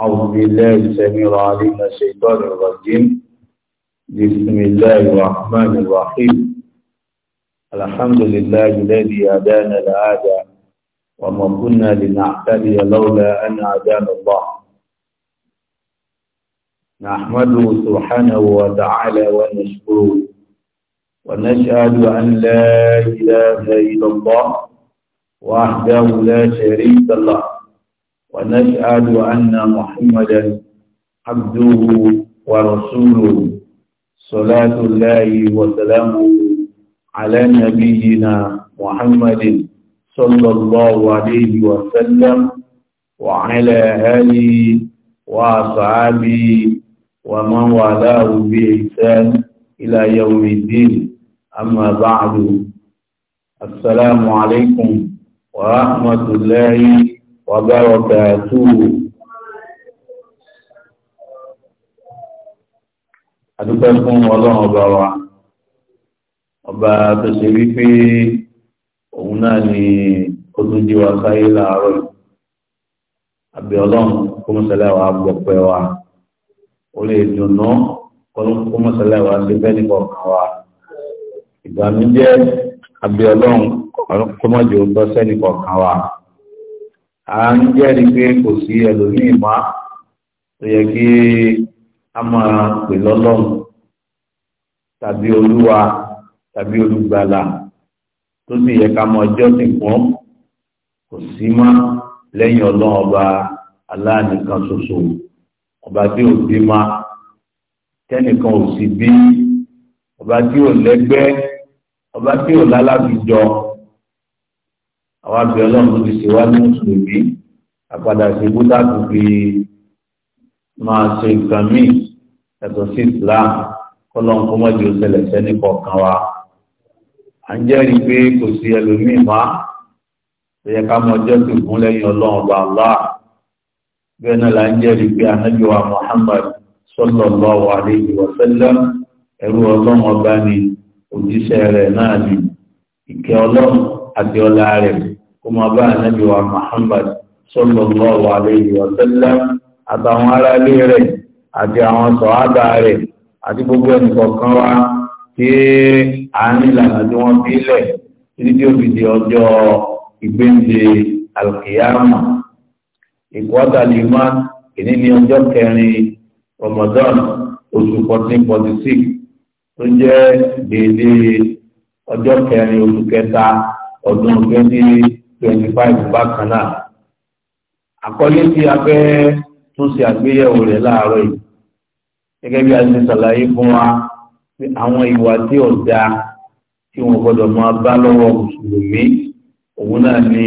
أعوذ بالله السميع العليم من الشيطان الرجيم بسم الله الرحمن الرحيم الحمد لله الذي هدانا لهذا وما كنا لنعتدي لولا أن هدانا الله نحمده سبحانه وتعالى ونشكره ونشهد أن لا إله إلا الله وحده لا شريك له ونشهد أن محمدا عبده ورسوله صلاة الله وسلامه على نبينا محمد صلى الله عليه وسلم وعلى آله وأصحابه ومن والاه بإحسان إلى يوم الدين أما بعد السلام عليكم ورحمة الله وبركاته adúpẹ́ fún ọlọ́run ọba wa ọba tó ṣe wípé òun náà ni ó tún jí wa sáyé láàárọ̀ àbí ọlọ́run kó mọ́sálẹ̀ wa gbọ̀pẹ́ wa ó lè dùnú kó mọ́sálẹ̀ wa ṣe fẹ́ nípa ọ̀kan wa ìgbàmíjẹ́ àbí ọlọ́run kó mọ́jọ́ bọ́ sẹ́nìkọ̀ọ̀kan wa à ń jẹ́rìí pé kò sí ẹlòmíì mọ́ tó yẹ kí a máa pè lọ́lọ́run tàbí olúwa tàbí olùgbàlà tó sì yẹ ká máa jọ́sìn fún kò sí mọ́ lẹ́yìn ọlọ́run ọba aláàánìkan ṣoṣo ọba tí ò bí ma tẹ́nìkan ò sì bí ọba tí ò lẹ́gbẹ́ ọba tí ò lálábìjọ àwọn àbí ọlọ́run ló ti ṣe wá ní mùsùlùmí àpadà sí búdà tó fi máa ṣe nǹkan míì ẹ̀tọ́ sí islam kọ́lọ́n kó mọ́jú ṣẹlẹ̀ sẹ́ni kọ̀ọ̀kan wa à ń jẹ́rìí pé kò sí ẹlòmíì má tó yẹ ká mọ ọjọ́ tó fún lẹ́yìn ọlọ́run ọba Allah bẹ́ẹ̀ náà là ń jẹ́rìí pé anábì wa Muhammad sallallahu alayhi wa sallam ẹrú ọlọ́run ọba ni òjíṣẹ́ rẹ̀ náà ni ìkẹ́ ọlọ́run àti ọlá rẹ̀ kó máa bá ànábì wa Muhammad sallallahu alayhi wa sallam àtàwọn ará ilé rẹ̀ àti àwọn sọ̀hábà rẹ̀ àti gbogbo ẹnìkọ̀ọ̀kan wa tí a ní ìlànà tí wọ́n fi lẹ̀ títí tí ó fi di ọjọ́ ìgbéǹde alkiyama ìkọ́tàlímá ìní ní ọjọ́ kẹrin Ramadan oṣù 1446 tó jẹ́ déédéé ọjọ́ kẹrin oṣù kẹta ọdún 20 twenty five bákan náà àkọlé tí a fẹ́ tún ṣe àgbéyẹ̀wò rẹ̀ láàárọ̀ yìí gẹ́gẹ́ bí a ti ṣàlàyé fún wa pé àwọn ìwà tí ò dáa tí wọn gbọ́dọ̀ máa bá lọ́wọ́ mùsùlùmí òun náà ni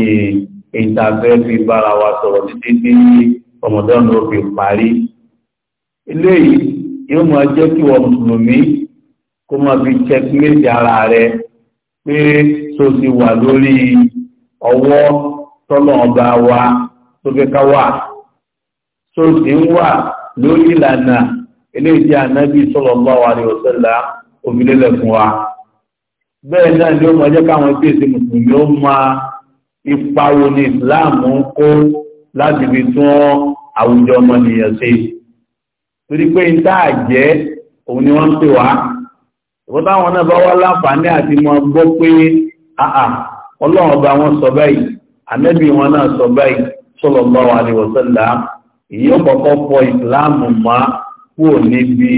ìta fẹ́ fi bára wa sọ̀rọ̀ títí tí ọmọdéwọn ló fi parí eléyìí yóò máa jẹ́ kí wọn mùsùlùmí kó máa fi checkmate ara rẹ̀ pé tó ti wà lórí ọwọ́ tọ́lọ́ ọba wa tó fẹ́ ká wà tó sì ń wà lórí ìlànà eléyìí tí ànábì sallallahu alaihi wasallam òmìnirẹ̀ fún wa bẹ́ẹ̀ náà ni ó mọ̀ káwọn ẹgbẹ́ ìsìn mùsùlùmí ó máa ipa wo ni Islam ń kó láti fi tún àwùjọ ọmọnìyàn ṣe torí pé ń tá àjẹ́ òun ni wọ́n ń pè wá ìwọ́n táwọn náà bá wá láǹfààní àti mọ gbọ́ pé ọlọ́run ọba wọn sọ báyìí ànábì wọn náà sọ báyìí sallallahu alaihi wasallam ìyẹn kọ́kọ́ fọ ìsìláàmù mọ́ kúrò níbi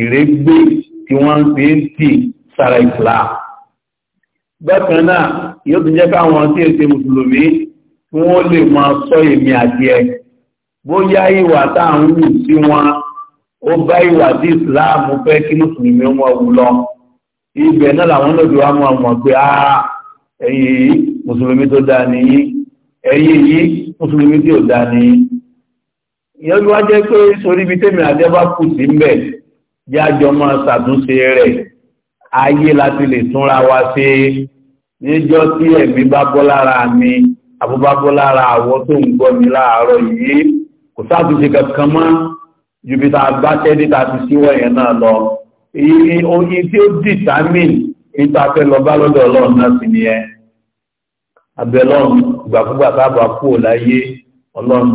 ìrégbé tí wọ́n ń fi ń tì sára ìsìláàmù. bákan náà yóò ti jẹ́ káwọn tí èsè mùsùlùmí kí wọ́n lè máa sọ èmi àti ẹ̀ bóyá ìwà táwọn wù sí wọn ó bá ìwà tí ìsìláàmù fẹ́ kí mùsùlùmí wọn wù lọ ibẹ̀ náà làwọn lòdì wa mọ̀ pé áá ẹ̀yin yìí mùsùlùmí tó dáa nìyí ẹ̀yin yìí mùsùlùmí tí ò dáa nìyí ìyẹn ló wá jẹ́ pé sórí ibi tẹ́mi àdẹ́bá kù sí ń bẹ̀ jájọ máa ṣàtúnṣe rẹ̀ ayé láti lè túnra wa ṣe níjọ́ tí ẹ̀mí bá bọ́ lára mi àbúbá bọ́ lára àwọ̀ tó ń gbọ́ mi láàárọ̀ yìí kò ṣàtúnṣe kankan mọ́ ju bí ta bá tẹ́lẹ̀ ta ti síwọ́ yẹn náà lọ èyí tí ó determine níta fẹ́ lọ bá lọ́dọ̀ ọlọ́run náà sì nìyẹn abẹ́lọ́run ìgbàkúgbà tábà kú ò láyé ọlọ́run